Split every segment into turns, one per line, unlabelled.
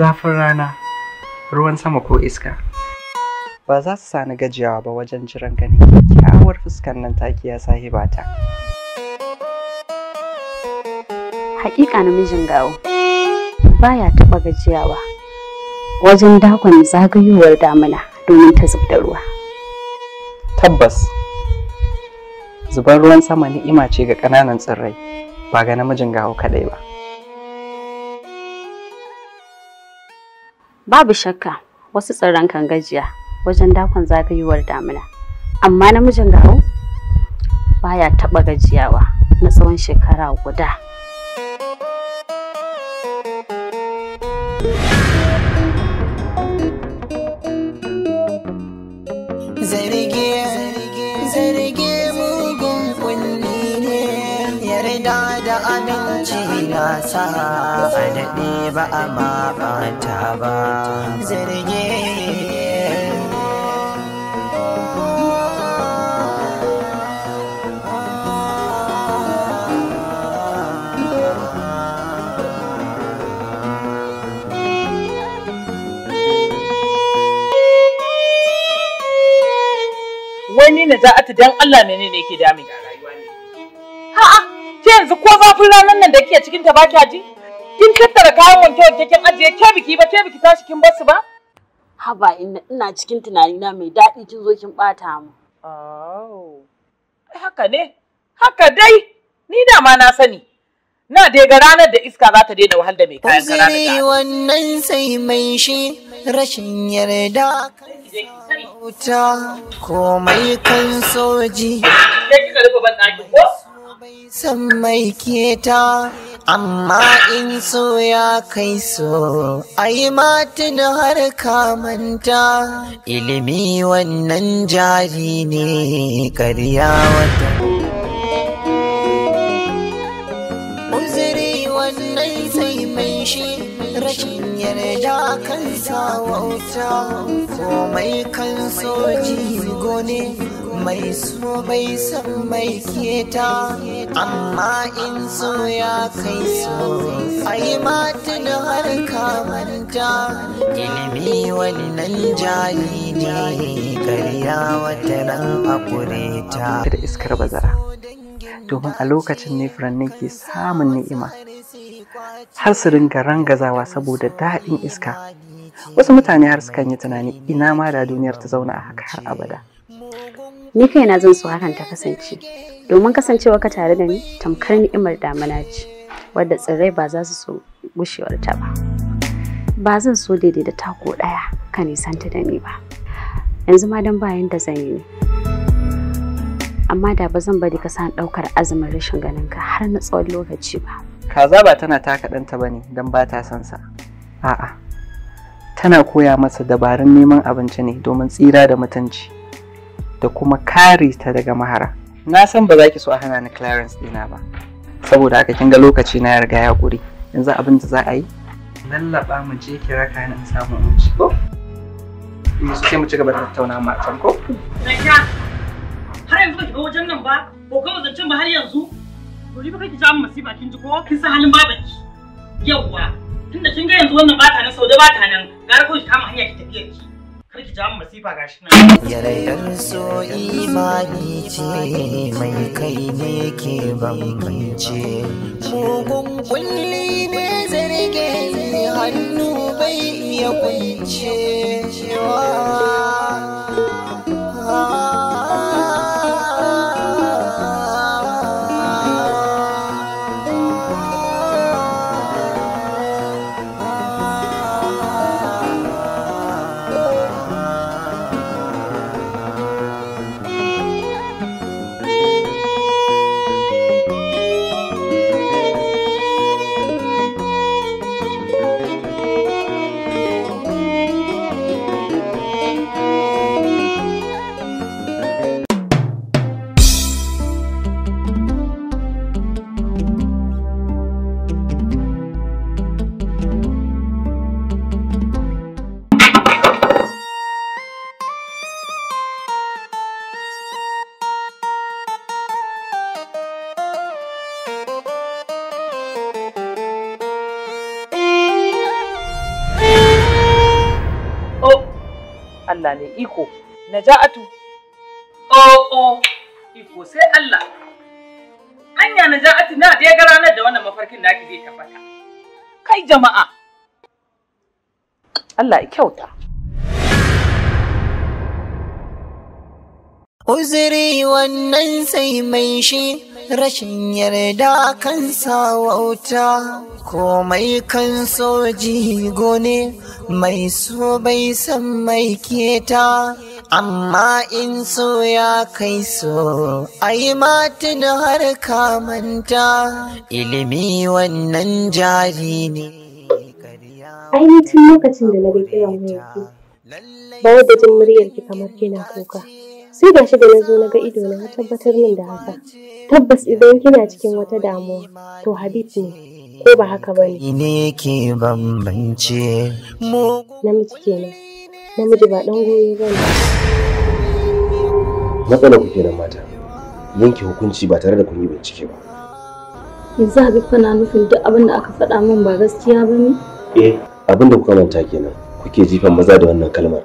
zafin rana ruwan sama ko iska ba za su sani gajiyawa ba wajen jiran ganin kyakkyawar fuskar nan takiya ta hakika namijin gawo baya taba gajiyawa
wajen dakon
zagayowar damina domin ta zub da ruwa tabbas zubar ruwan sama ni'ima ce ga ƙananan tsirrai ba ga namijin gawo kaɗai ba
Babu shakka wasu tsaron kan gajiya wajen dakon zagayowar damina. Amma namijin gawo baya taɓa gajiyawa na tsawon shekara guda.
wasa a daɗe ba a mabata ba zirge.
Wani na ta dan Allah ne menene yake damin? Ha'a! ke yanzu ko zafin ranar nan da kike cikin ta ba kya ji? Kin tattara kayan wanke wanke kin ajiye ke biki ba ke biki tashi kin basu ba? Haba ina cikin tunani na mai daɗi kin zo kin bata mu.
Oh.
Haka ne. Haka dai. Ni da ma na sani. Na dai ga ranar da iska za ta daina wahal da mai kayan kara
da wannan sai mai shi rashin yarda wuta komai kan soji. Sai kika rufe ban ko? san mai keta amma in so ya kai so a yi matin har kamanta ilimi wannan jari ne karya wata uzuri wannan sai mai shi rashin yarda kan sa wauta komai kan soji gone mai so bai san mai keta amma in so ya kai so ai matin har manta ilimi nan jari ne karya wata nan a ta da iskar bazara domin a lokacin ne furanni ke samun ni'ima
har su ringa rangazawa saboda daɗin iska wasu mutane har sukan yi tunani ina ma da duniyar ta zauna a haka har abada ni kaina zan so hakan
ta kasance domin kasancewa ka tare da ni tamkar ni'imar damana ce wadda tsirrai ba za su so gushewar ta ba ba zan so daidai da tako ɗaya ka nisanta da ni ba yanzu ma dan bayan da zan yi amma da ba zan bari ka san ɗaukar azumin rashin ganin ka har na tsawon lokaci ba
kaza ba
tana taka ɗanta ba ne don ba ta son sa
a'a tana koya masa dabarun neman abinci ne domin tsira da mutunci da kuma kare ta daga mahara na san ba za ki so a hana ni clarence dina ba saboda haka kin ga lokaci na yarga riga ya ƙure yanzu abin da za a yi lallaba mu je ki raka ni in samu in ci ko mu sai mu ci gaba da tattauna ma can ko Raja har yanzu ba ki ga wajen nan ba ko kuma zancen ba har yanzu Dori ba kai ki ja mu masifa kin ji ko kin san halin ki? yawwa tunda kin ga yanzu wannan ba ta nan sau ba ta nan gara ko ki kama hanya ki
tafiya ki
Karki ja so imani ce mai kai ne ke bambance. Mugun kulli ne zarge hannu bai iya kunce.
Allah ne iko naja'atu oh oh iko sai Allah hanya naja'atu na da gara ranar da wannan mafarkin da ake zai tabbata
kai jama'a Allah ya kyauta uzuri wannan sai mai shi rashin yarda kan wuta. komai kan soji gone mai so bai san mai keta amma in so ya kai so ai matin har kamanta ilimi wannan jari ne ainihin lokacin da na bai wani wuyanki
ba da jin muryarki kamar kina kuka sai gashi da na zo na ga ido na tabbatar min da haka tabbas idan kina cikin wata damuwa to habib ne ko ba haka ba ne namiji kenan namiji ba dan goyo ba ne
matsala ku kenan mata yanke hukunci ba tare da kun yi bincike ba
yanzu habib kana nufin duk abin da aka faɗa min ba gaskiya ba ne
eh abin da kuka manta kenan kuke jifan maza da wannan kalmar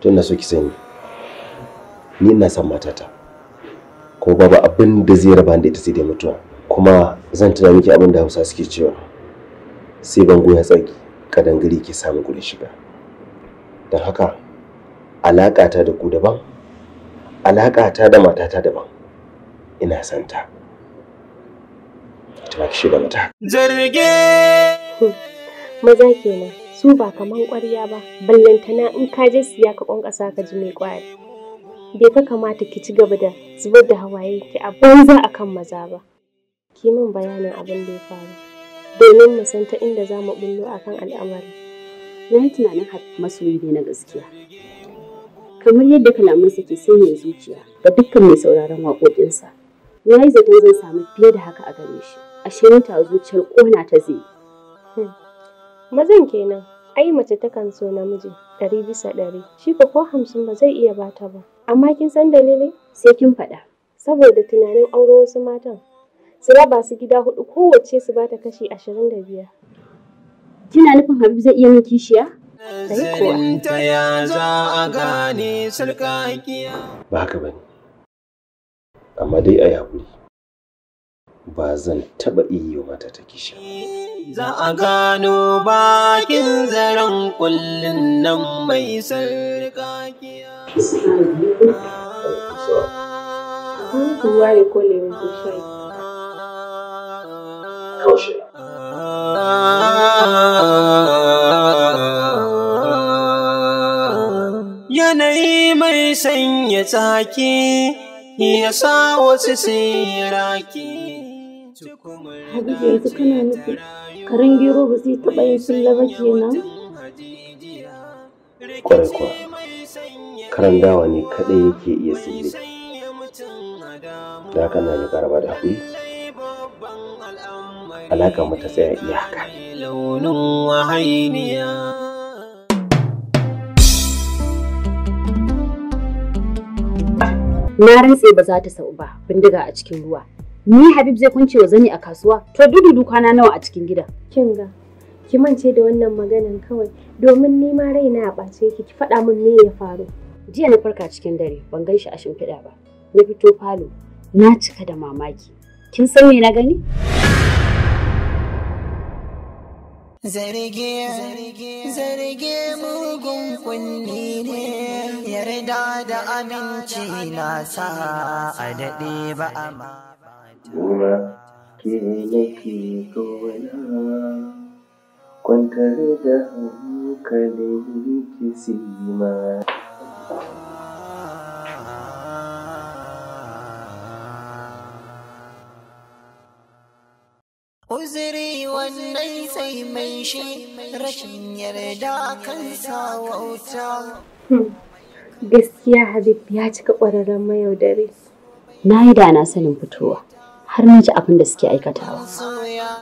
tun na so ki sani ni ina son matata ko babu abin da zai raba da ita sai dai mutuwa kuma zan tuna miki abin da Hausa suke cewa sai bango ya tsaki gari ke samu guri shiga don haka alaƙata da ku daban alaƙata da matata daban ina son ta ta mata
maza kenan su ba kaman ƙwarya ba
ballantana
in ka je siya ka ƙwanƙasa ka ji mai ƙwari bai ka kamata ki ci gaba da zubar da hawaye ki a banza a kan maza ba ki min bayanin abin da ya faru domin mu san ta inda za mu bullo akan al'amari na yi tunanin
masoyi ne na gaskiya kamar yadda kalamansa ke sanya zuciya ga dukkan mai sauraron waƙoƙinsa na yi zaton zan samu fiye da haka a gare shi ashe ni ta zuciyar kona ta zai
hmm. mazan kenan ai mace takan so namiji ɗari bisa ɗari shi ko hamsin ba zai iya bata ba Amma kin san dalilin, Sai kin faɗa. Saboda tunanin aure wasu matan. Su raba su gida hudu kowace su bata kashi ashirin da biyar.
Kina nufin Habib zai iya min kishiya?
Zarinta
ya za a gane sarkakiya. Ba haka ba Amma dai a yi Ba zan taɓa iyo mata ta kishiya.
za a gano bakin zaren kullum nan mai sarƙaƙi. Yanayi mai sanya tsaki ya sa wasu siraki. Habibu yanzu kana nufi Karin gero ba zai taɓa yin sulla ba kenan?
Kwarai kuwa. karan dawa ne kaɗai yake iya sirri da haka na yi ba da haƙuri alaƙa mata tsaya iyaka wahainiya
na rantse ba za ta sau ba bindiga a cikin ruwa ni habib zai kunce wa zani a kasuwa to duka kwana nawa a cikin gida
kin ki mance da wannan maganan kawai domin ni ma raina a ɓace ki ki faɗa min me ya faru
jiya na farka cikin dare ban gan shi a shimfiɗa ba na fito falo na cika da mamaki kin san me na gani
Zarge, zarge mugun kunni ne, yarda da aminci na sa a daɗe ba a ma ba. ke yake kwantar da hankali
sima.
rai
hmm. Gaskiya Habib ya cika ƙwararren mayaudari.
Na yi da na sanin fitowa, har na ji abin da suke aikatawa.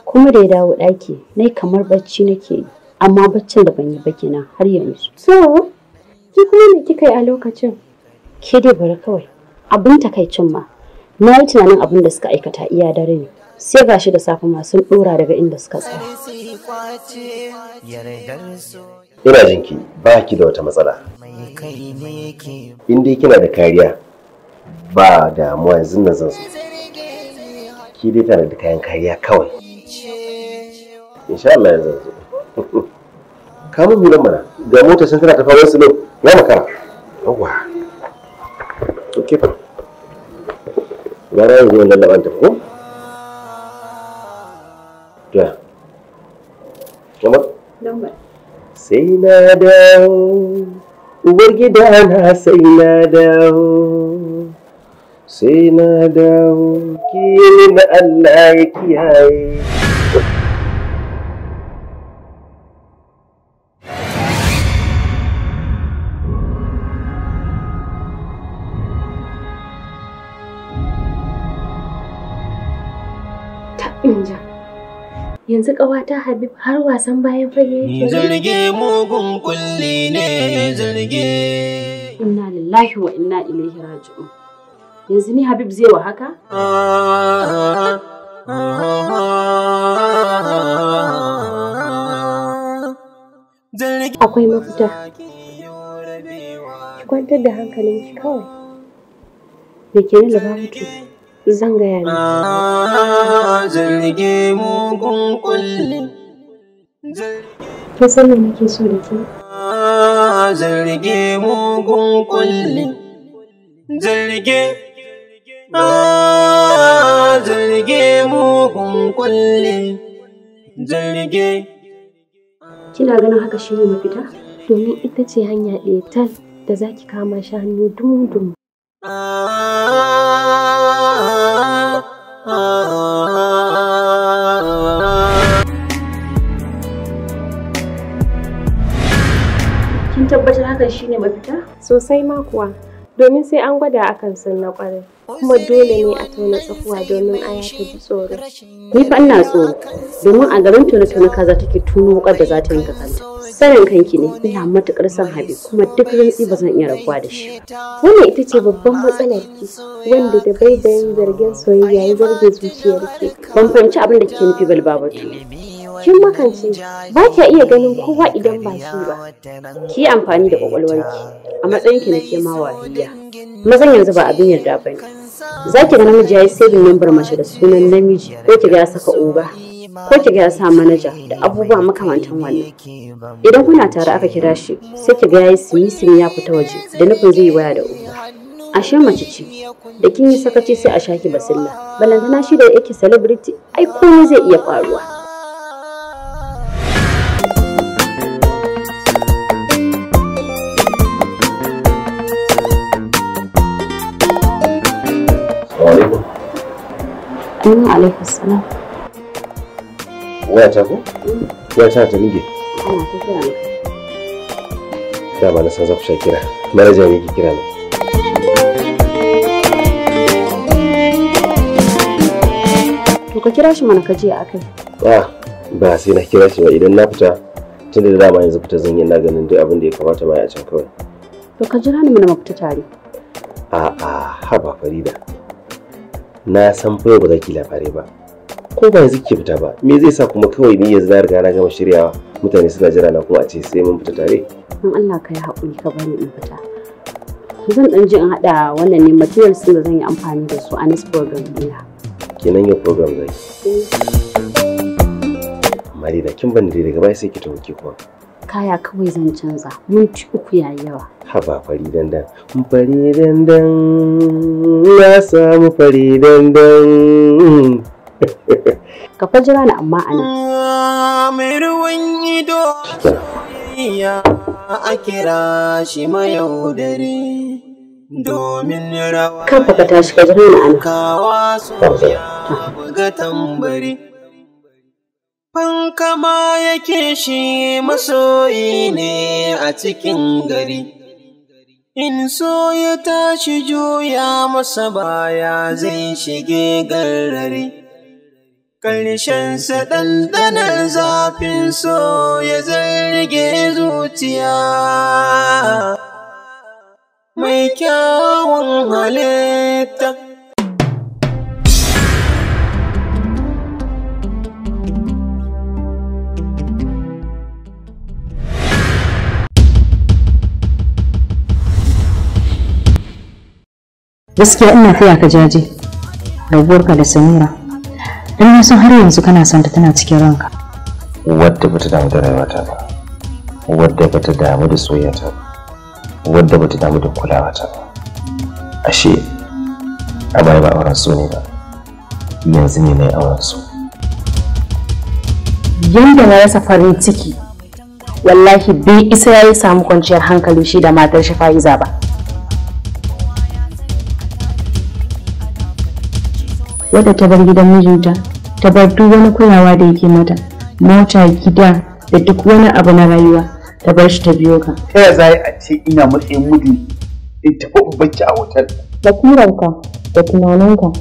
Kuma da ya dawo ɗaki, na kamar bacci nake yi, amma baccin da ban yi ba kenan har yanzu. So, ki kuma me kika yi a lokacin? Ke dai bari kawai, abin takaicin ma, na yi tunanin abin da suka aikata iya dare ne. sai shi da safe ma sun dora daga inda
suka tsaya
ina jinki ba ki da wata matsala in dai kina da kariya ba damuwa yanzu na zan ki dai tana da kayan kariya kawai insha Allah yanzu zan zo kamun hulan mana ga mota sun tana tafa fara su ne ya makara Yawwa. ok fa gara yanzu wannan laban ta ko sai na dawo uwar gida na sai na dawo sai na dawo kini na Allah ya kiyaye
yanzu ƙawata Habib har wasan bayan fage
yake. Zarge mugun
kulli ne
zarge. Inna lillahi wa inna ilaihi raji'un. Yanzu ni Habib
zai wa haka? Akwai mafita. Ki kwantar da hankalinki kawai. Me ke ni mutu? zan gaya miki. Zarge mugun kulli. Kin san me nake so da ke?
Zarge mugun kulli. Zarge.
Zarge mugun kulli.
Zarge.
Kina ganin haka shi ne mafita? Domin ita ce hanya ɗaya tal da za ki kama shi hannu dumu
Kin tabbatar
hakan shine mafita? Sosai ma kuwa. Domin sai an gwada akan san na kwarai. Kuma dole ne a tauna tsakuwa domin yi ta ji tsoro.
Ni fa ina tsoro, domin a garin tuni-tuni kaza take tuno wukar da za ta yi kanta. sanin kanki ne ina matukar son habi kuma duk rantsi ba zan iya rabuwa da shi wannan ita ce babban matsalar ki wanda da bai yin zargin soyayya ya zarge zuciyar ki ban fahimci abin da kike nufi balbabatu kin makance ba kya iya ganin kowa idan ba shi ba ki yi amfani da ki, a matsayin ki na ke ma wahiya mazan yanzu ba abin yarda ba ne. Zaki ga namiji ya yi sabin lambar mace da sunan namiji ko ki ga ya saka oga ko ki ga ya sa manaja da abubuwa makamantan wannan idan kuna tare aka kira shi sai ki ga yayi simi simi ya fita waje da nufin zai yi waya da uwa ashe mace ce da kin yi sakaci sai a shaki basilla balantana shi da yake celebrity ai komai zai iya faruwa Assalamu alaikum.
waya ta ko waya ta ta nige da ba na san zaku sha kira manaja ne kira na
to ka kira shi mana ka je akai
a ba sai na kira shi ba idan na fita tun da dama yanzu fita zan yi na ganin duk abin da ya kamata ma ya can kawai
to ka jira ni mana mu fita tare
a'a haba farida na san fa ba za ki labarai ba ko ba yanzu ke fita ba me zai sa kuma kawai ni yanzu na riga na gama shiryawa mutane suna jira na kuma a ce sai mun fita tare
in Allah ka yi haƙuri ka bani in fita zan dan ji in haɗa wannan ne sun da zan yi amfani da su a next program ɗina
kenan ya program zai amma eh. da kin bani daga baya sai ki tawo ki kuma
kaya kawai zan canza minti uku ya
yawa haba fari dandan fari dandan na samu
fari dandan ka fa jira ni amma a
nan mai ruwan ido soyayya a kira shi dare
domin rawa kan ka tashi ka jira ni
a kawa
soya
tambari fankama yake shi masoyi ne a cikin gari In so ya tashi juya masa baya zai shige garrari. sa ɗanɗanar zafin so ya zarge zuciya. Mai kyawun halitta
gaskiya ina taya ka jaje rabuwarka da samira don na san har yanzu kana son ta tana cikin ranka
wadda bata damu da rayuwata ba wadda bata damu da soyayyata ba wadda bata damu da kulawata ba ashe a bai ba auren so ne ba yanzu ne na yi auren so
yadda na rasa farin ciki wallahi bai isa ya yi samu kwanciyar hankali shi da matar shi fa'iza ba wadda ta bar gidan mijinta ta bar duk wani kulawa da yake mata mota gida da duk wani abu na rayuwa ta bar shi ta biyo ka
ta ya za a
ce ina matsayin mudu in tafi bacci a hotel da kiranka da tunaninka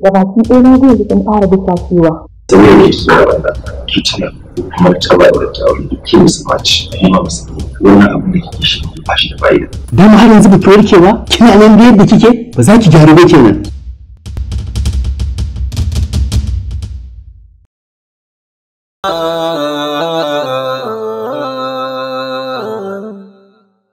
da baki ɗaya na zai jikin fara bisa cewa
ta ne ke so da tutuna kuma ta ba da ta wani ke musu baci kuma musu wannan abu da kike shi ba shi da fa'ida dama har yanzu ba ki warkewa kina nan da yadda kike ba za ki gyaru ba kenan